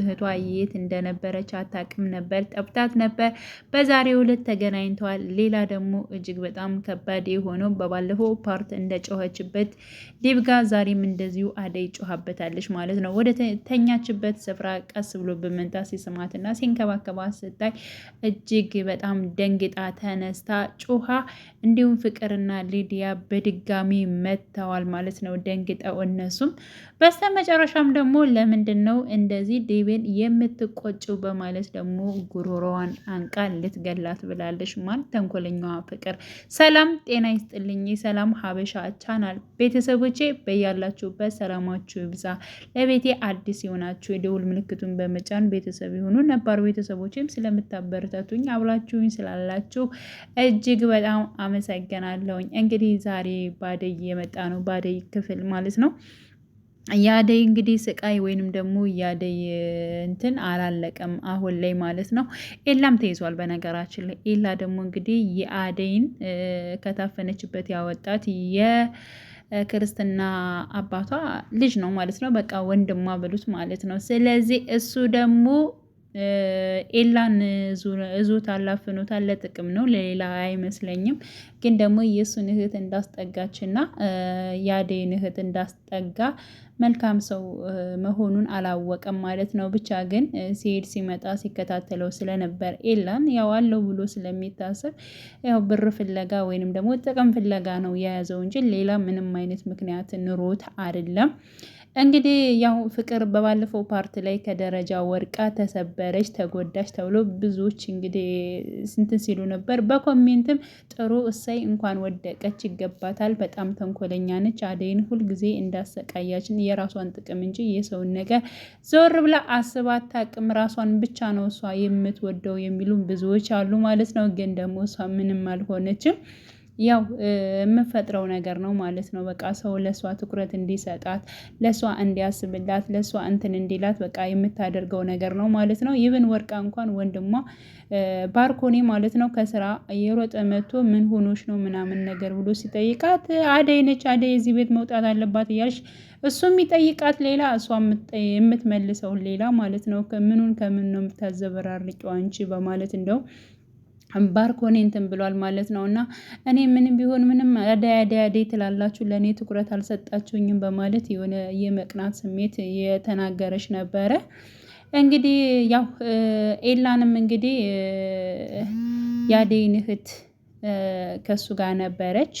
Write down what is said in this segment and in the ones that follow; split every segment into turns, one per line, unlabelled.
እህቷ የት እንደነበረች አታውቅም ነበር፣ ጠብታት ነበር። በዛሬው ዕለት ተገናኝተዋል። ሌላ ደግሞ እጅግ በጣም ከባድ የሆነው በባለፈው ፓርት እንደጮኸችበት ዲብጋ ዛሬም እንደዚሁ አደይ ጮኸበታለች ማለት ነው። ወደ ተኛችበት ስፍራ ቀስ ብሎ በመንጣት ሲስማትና ሲንከባከባት ስታይ እጅግ በጣም ደንግጣ ተነስታ ጮኻ፣ እንዲሁም ፍቅርና ሊዲያ በድጋሚ መጥተዋል ማለት ነው። ደንግጠው እነሱም መጨረሻም ደግሞ ለምንድን ነው እንደዚህ ምግቤን የምትቆጭው በማለት ደግሞ ጉሮሮዋን አንቃ ልትገላት ብላለች። ማን ተንኮለኛዋ ፍቅር። ሰላም ጤና ይስጥልኝ። ሰላም ሀበሻ ቻናል ቤተሰቦቼ በያላችሁበት ሰላማችሁ ይብዛ። ለቤቴ አዲስ የሆናችሁ የደውል ምልክቱን በመጫን ቤተሰብ የሆኑ ነባር ቤተሰቦችም ስለምታበረታቱኝ አብላችሁኝ ስላላችሁ እጅግ በጣም አመሰግናለሁኝ። እንግዲህ ዛሬ ባደይ የመጣ ነው። ባደይ ክፍል ማለት ነው ያደይ እንግዲህ ስቃይ ወይንም ደግሞ ያደይ እንትን አላለቀም አሁን ላይ ማለት ነው። ኤላም ተይዟል። በነገራችን ላይ ኤላ ደግሞ እንግዲህ የአደይን ከታፈነችበት ያወጣት የክርስትና አባቷ ልጅ ነው ማለት ነው። በቃ ወንድሟ ብሉት ማለት ነው። ስለዚህ እሱ ደግሞ ኤላን እዙት አላፍኖታል ለጥቅም ነው ለሌላ አይመስለኝም። ግን ደግሞ የእሱን እህት እንዳስጠጋችና የአደይን እህት እንዳስጠጋ መልካም ሰው መሆኑን አላወቀም ማለት ነው። ብቻ ግን ሲሄድ ሲመጣ ሲከታተለው ስለነበር ኤላን ያው አለው ብሎ ስለሚታሰብ ያው ብር ፍለጋ ወይንም ደግሞ ጥቅም ፍለጋ ነው የያዘው እንጂ ሌላ ምንም አይነት ምክንያት ኑሮት አይደለም። እንግዲህ ያው ፍቅር በባለፈው ፓርት ላይ ከደረጃ ወርቃ ተሰበረች፣ ተጎዳች ተብሎ ብዙዎች እንግዲህ ስንትን ሲሉ ነበር። በኮሜንትም ጥሩ እሰይ፣ እንኳን ወደቀች ይገባታል፣ በጣም ተንኮለኛ ነች፣ አደይን ሁልጊዜ እንዳሰቃያችን የራሷን ጥቅም እንጂ የሰውን ነገር ዘወር ብላ አስባ አታውቅም፣ ራሷን ብቻ ነው እሷ የምትወደው የሚሉም ብዙዎች አሉ ማለት ነው። ግን ደግሞ እሷ ምንም አልሆነችም። ያው የምፈጥረው ነገር ነው ማለት ነው። በቃ ሰው ለእሷ ትኩረት እንዲሰጣት ለእሷ እንዲያስብላት ለእሷ እንትን እንዲላት በቃ የምታደርገው ነገር ነው ማለት ነው። ይብን ወርቃ እንኳን ወንድሟ ባርኮኔ ማለት ነው ከስራ የሮጠ መጥቶ ምን ሆኖች ነው ምናምን ነገር ብሎ ሲጠይቃት አደይ ነች አደይ የዚህ ቤት መውጣት አለባት እያልሽ እሱ የሚጠይቃት ሌላ እሷ የምትመልሰውን ሌላ ማለት ነው። ምኑን ከምን ነው የምታዘበራርቂው አንቺ በማለት እንደው ባርኮኔ እንትን ብሏል ማለት ነው። እና እኔ ምንም ቢሆን ምንም አደይ አደይ አደይ ትላላችሁ ለእኔ ትኩረት አልሰጣችሁኝም በማለት የሆነ የመቅናት ስሜት የተናገረች ነበረ። እንግዲህ ያው ኤላንም እንግዲህ የአደይን እህት ከሱ ጋር ነበረች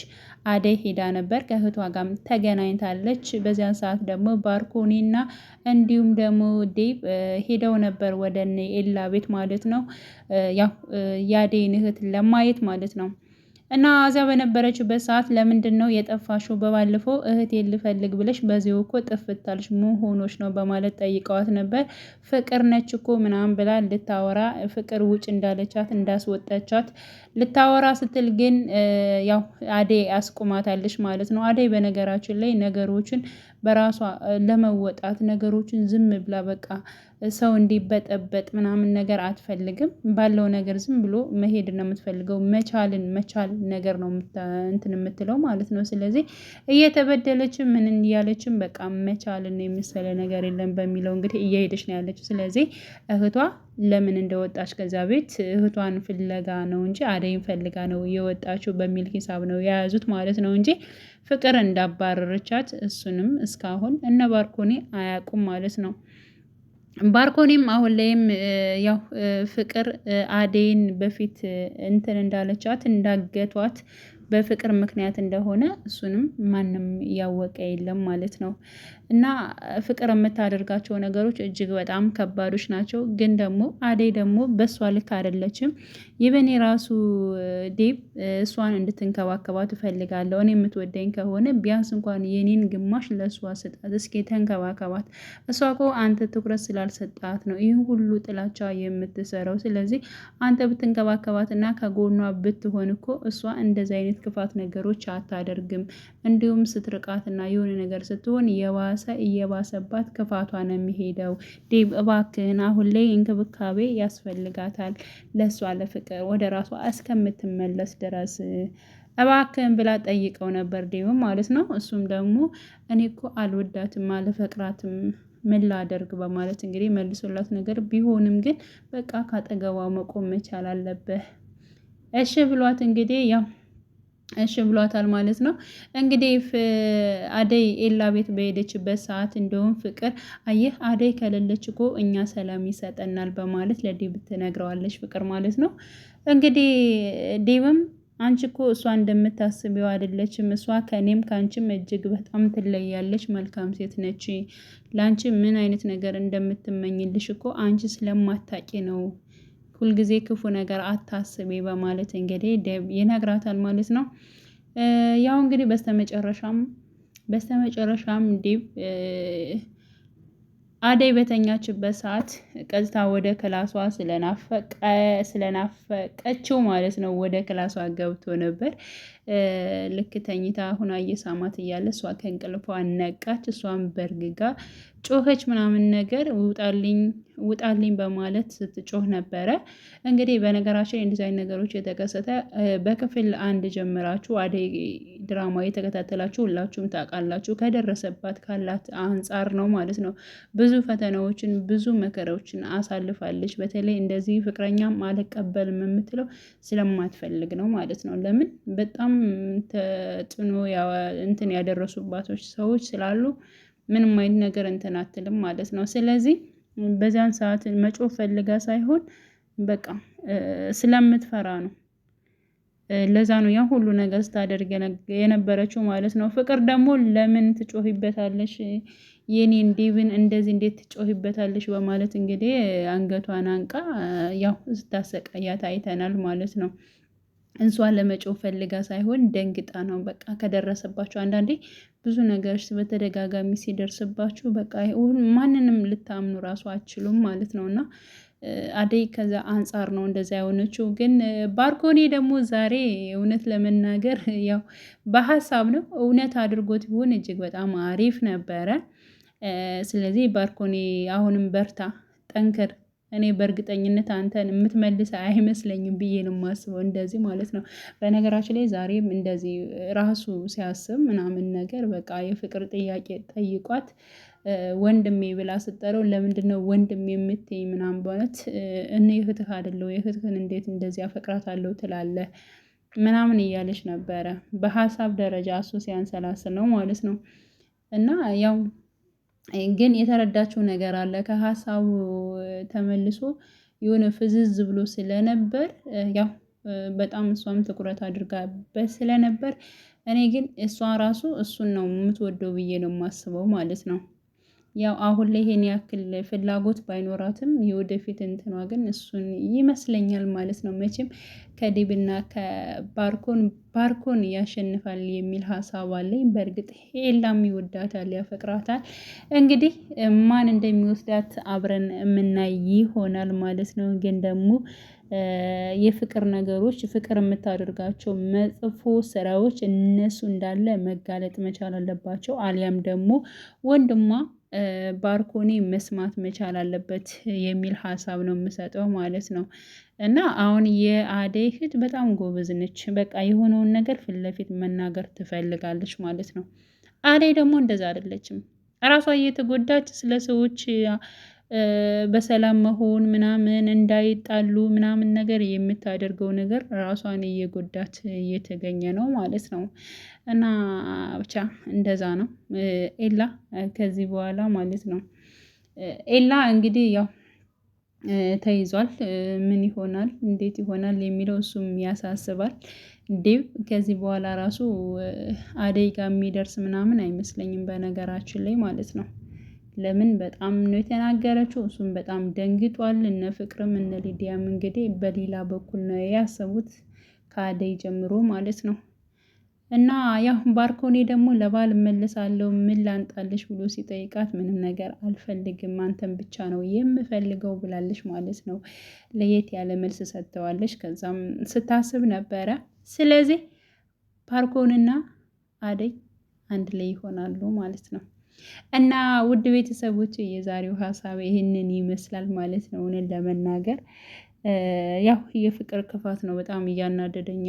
አደይ ሄዳ ነበር። ከእህቷ ጋም ተገናኝታለች። በዚያን ሰዓት ደግሞ ባርኮኒ ና እንዲሁም ደግሞ ዴብ ሄደው ነበር ወደ ኤላ ቤት ማለት ነው። ያው የአደይን እህት ለማየት ማለት ነው። እና እዚያ በነበረችበት ሰዓት ለምንድን ነው የጠፋሽው? በባለፈው እህቴ ልፈልግ ብለሽ በዚሁ እኮ ጥፍታልሽ መሆኖች ነው በማለት ጠይቀዋት ነበር። ፍቅር ነች እኮ ምናምን ብላ ልታወራ ፍቅር ውጭ እንዳለቻት እንዳስወጣቻት ልታወራ ስትል ግን ያው አደይ አስቁማታለች ማለት ነው። አደይ በነገራችን ላይ ነገሮችን በራሷ ለመወጣት ነገሮችን ዝም ብላ በቃ ሰው እንዲበጠበጥ ምናምን ነገር አትፈልግም። ባለው ነገር ዝም ብሎ መሄድ ነው የምትፈልገው። መቻልን መቻል ነገር ነው እንትን የምትለው ማለት ነው። ስለዚህ እየተበደለችም ምን እያለችም በቃ መቻልን የመሰለ ነገር የለም በሚለው እንግዲህ እየሄደች ነው ያለችው። ስለዚህ እህቷ ለምን እንደወጣች ከዛ ቤት እህቷን ፍለጋ ነው እንጂ አደይን ፈልጋ ነው የወጣችው በሚል ሂሳብ ነው የያዙት ማለት ነው እንጂ ፍቅር እንዳባረረቻት እሱንም እስካሁን እነ ባርኮኔ አያውቁም ማለት ነው። ባርኮኒም አሁን ላይም ያው ፍቅር አደይን በፊት እንትን እንዳለቻት እንዳገቷት በፍቅር ምክንያት እንደሆነ እሱንም ማንም ያወቀ የለም ማለት ነው። እና ፍቅር የምታደርጋቸው ነገሮች እጅግ በጣም ከባዶች ናቸው። ግን ደግሞ አደይ ደግሞ በሷ ልክ አይደለችም። ይበኔ ራሱ ዴብ እሷን እንድትንከባከባት እፈልጋለሁ። እኔ የምትወደኝ ከሆነ ቢያንስ እንኳን የኔን ግማሽ ለእሷ ስጣት፣ እስኪ ተንከባከባት። እሷ እኮ አንተ ትኩረት ስላልሰጣት ነው ይህ ሁሉ ጥላቻ የምትሰራው። ስለዚህ አንተ ብትንከባከባት እና ከጎኗ ብትሆን እኮ እሷ እንደዚህ አይነት ክፋት ነገሮች አታደርግም። እንዲሁም ስትርቃት እና የሆነ ነገር ስትሆን የባሰ እየባሰባት ክፋቷ ነው የሚሄደው። ዴብ እባክህን አሁን ላይ እንክብካቤ ያስፈልጋታል ለእሷ ለፍቅ ወደ ራሷ እስከምትመለስ ድረስ እባክን ብላ ጠይቀው ነበር ዲብም ማለት ነው። እሱም ደግሞ እኔ እኮ አልወዳትም አልፈቅራትም ምን ላደርግ በማለት እንግዲህ መልሶላት ነገር ቢሆንም ግን በቃ ካጠገቧ መቆም መቻል አለብህ እሺ ብሏት እንግዲህ ያው እሺ ብሏታል ማለት ነው። እንግዲህ አደይ ኤላ ቤት በሄደችበት ሰዓት እንደውም ፍቅር አየህ አደይ ከሌለች እኮ እኛ ሰላም ይሰጠናል በማለት ለዲብ ትነግረዋለች ፍቅር ማለት ነው። እንግዲህ ዲብም አንቺ እኮ እሷ እንደምታስቢው አይደለችም። እሷ ከእኔም ከአንቺም እጅግ በጣም ትለያለች። መልካም ሴት ነች። ለአንቺ ምን አይነት ነገር እንደምትመኝልሽ እኮ አንቺ ስለማታቂ ነው ሁልጊዜ ክፉ ነገር አታስቤ በማለት እንግዲህ ይነግራታል ማለት ነው። ያው እንግዲህ በስተመጨረሻም በስተመጨረሻም ዲብ አደይ በተኛችበት ሰዓት ቀጥታ ወደ ክላሷ ስለናፈቀችው ማለት ነው ወደ ክላሷ ገብቶ ነበር። ልክ ተኝታ ሁና እየሳማት እያለ እሷ ከእንቅልፏ ነቃች። እሷን በርግጋ ጮኸች ምናምን ነገር ውጣልኝ ውጣልኝ በማለት ስትጮህ ነበረ። እንግዲህ በነገራችን የዲዛይን ነገሮች የተከሰተ በክፍል አንድ ጀምራችሁ አደይ ድራማ የተከታተላችሁ ሁላችሁም ታውቃላችሁ። ከደረሰባት ካላት አንጻር ነው ማለት ነው። ብዙ ፈተናዎችን ብዙ መከራዎችን አሳልፋለች። በተለይ እንደዚህ ፍቅረኛም አልቀበልም የምትለው ስለማትፈልግ ነው ማለት ነው። ለምን በጣም ተጽዕኖ እንትን ያደረሱባቶች ሰዎች ስላሉ ምንም አይነት ነገር እንትን አትልም ማለት ነው። ስለዚህ በዚያን ሰዓት መጮ ፈልጋ ሳይሆን በቃ ስለምትፈራ ነው። ለዛ ነው ያ ሁሉ ነገር ስታደርግ የነበረችው ማለት ነው። ፍቅር ደግሞ ለምን ትጮህበታለሽ? የኔ እንዲብን እንደዚህ እንዴት ትጮህበታለሽ? በማለት እንግዲህ አንገቷን አንቃ ያው ስታሰቃያት አይተናል ማለት ነው። እንሷ ለመጮህ ፈልጋ ሳይሆን ደንግጣ ነው በቃ ከደረሰባቸው አንዳንዴ ብዙ ነገር በተደጋጋሚ ሲደርስባችሁ በቃ ማንንም ልታምኑ ራሱ አችሉም ማለት ነው እና አደይ ከዛ አንጻር ነው እንደዛ የሆነችው። ግን ባርኮኔ ደግሞ ዛሬ እውነት ለመናገር ያው በሀሳብ ነው እውነት አድርጎት ቢሆን እጅግ በጣም አሪፍ ነበረ። ስለዚህ ባርኮኔ አሁንም በርታ፣ ጠንክር እኔ በእርግጠኝነት አንተን የምትመልስ አይመስለኝም ብዬ ነው የማስበው። እንደዚህ ማለት ነው። በነገራችን ላይ ዛሬም እንደዚህ ራሱ ሲያስብ ምናምን ነገር በቃ የፍቅር ጥያቄ ጠይቋት ወንድሜ ብላ ስጠረው ለምንድን ነው ወንድም የምትይ ምናምን በእውነት እኔ የፍትህ አይደለሁ የፍትህን እንዴት እንደዚህ አፈቅራታለሁ ትላለህ ምናምን እያለች ነበረ። በሀሳብ ደረጃ እሱ ሲያንሰላስል ነው ማለት ነው እና ያው ግን የተረዳችው ነገር አለ። ከሀሳቡ ተመልሶ የሆነ ፍዝዝ ብሎ ስለነበር ያው በጣም እሷም ትኩረት አድርጋበት ስለነበር እኔ ግን እሷ ራሱ እሱን ነው የምትወደው ብዬ ነው የማስበው ማለት ነው። ያው አሁን ላይ ይሄን ያክል ፍላጎት ባይኖራትም የወደፊት እንትኗ ግን እሱን ይመስለኛል ማለት ነው። መቼም ከዲብና ከባርኮን ባርኮን ያሸንፋል የሚል ሀሳብ አለኝ። በእርግጥ ሄላም ይወዳታል፣ ያፈቅራታል። እንግዲህ ማን እንደሚወስዳት አብረን የምናይ ይሆናል ማለት ነው። ግን ደግሞ የፍቅር ነገሮች ፍቅር የምታደርጋቸው መጥፎ ስራዎች እነሱ እንዳለ መጋለጥ መቻል አለባቸው። አሊያም ደግሞ ወንድሟ ባርኮኒ መስማት መቻል አለበት የሚል ሀሳብ ነው የምሰጠው ማለት ነው። እና አሁን የአደይ እህት በጣም ጎበዝ ነች። በቃ የሆነውን ነገር ፊት ለፊት መናገር ትፈልጋለች ማለት ነው። አደይ ደግሞ እንደዛ አይደለችም። እራሷ እየተጎዳች ስለ ሰዎች በሰላም መሆን ምናምን እንዳይጣሉ ምናምን ነገር የምታደርገው ነገር ራሷን እየጎዳት እየተገኘ ነው ማለት ነው። እና ብቻ እንደዛ ነው። ኤላ ከዚህ በኋላ ማለት ነው። ኤላ እንግዲህ ያው ተይዟል ምን ይሆናል እንዴት ይሆናል የሚለው እሱም ያሳስባል። ዴብ ከዚህ በኋላ ራሱ አደይ ጋር የሚደርስ ምናምን አይመስለኝም በነገራችን ላይ ማለት ነው ለምን በጣም ነው የተናገረችው። እሱም በጣም ደንግጧል። እነ ፍቅርም እነ ሊዲያም እንግዲህ በሌላ በኩል ነው ያሰቡት ከአደይ ጀምሮ ማለት ነው። እና ያው ባርኮኔ ደግሞ ለባል እመልሳለሁ ምን ላንጣልሽ ብሎ ሲጠይቃት ምንም ነገር አልፈልግም አንተን ብቻ ነው የምፈልገው ብላለች ማለት ነው። ለየት ያለ መልስ ሰጥተዋለች። ከዛም ስታስብ ነበረ። ስለዚህ ባርኮንና አደይ አንድ ላይ ይሆናሉ ማለት ነው። እና ውድ ቤተሰቦች የዛሬው ሀሳብ ይህንን ይመስላል ማለት ነው። እውነት ለመናገር ያው የፍቅር ክፋት ነው በጣም እያናደደኝ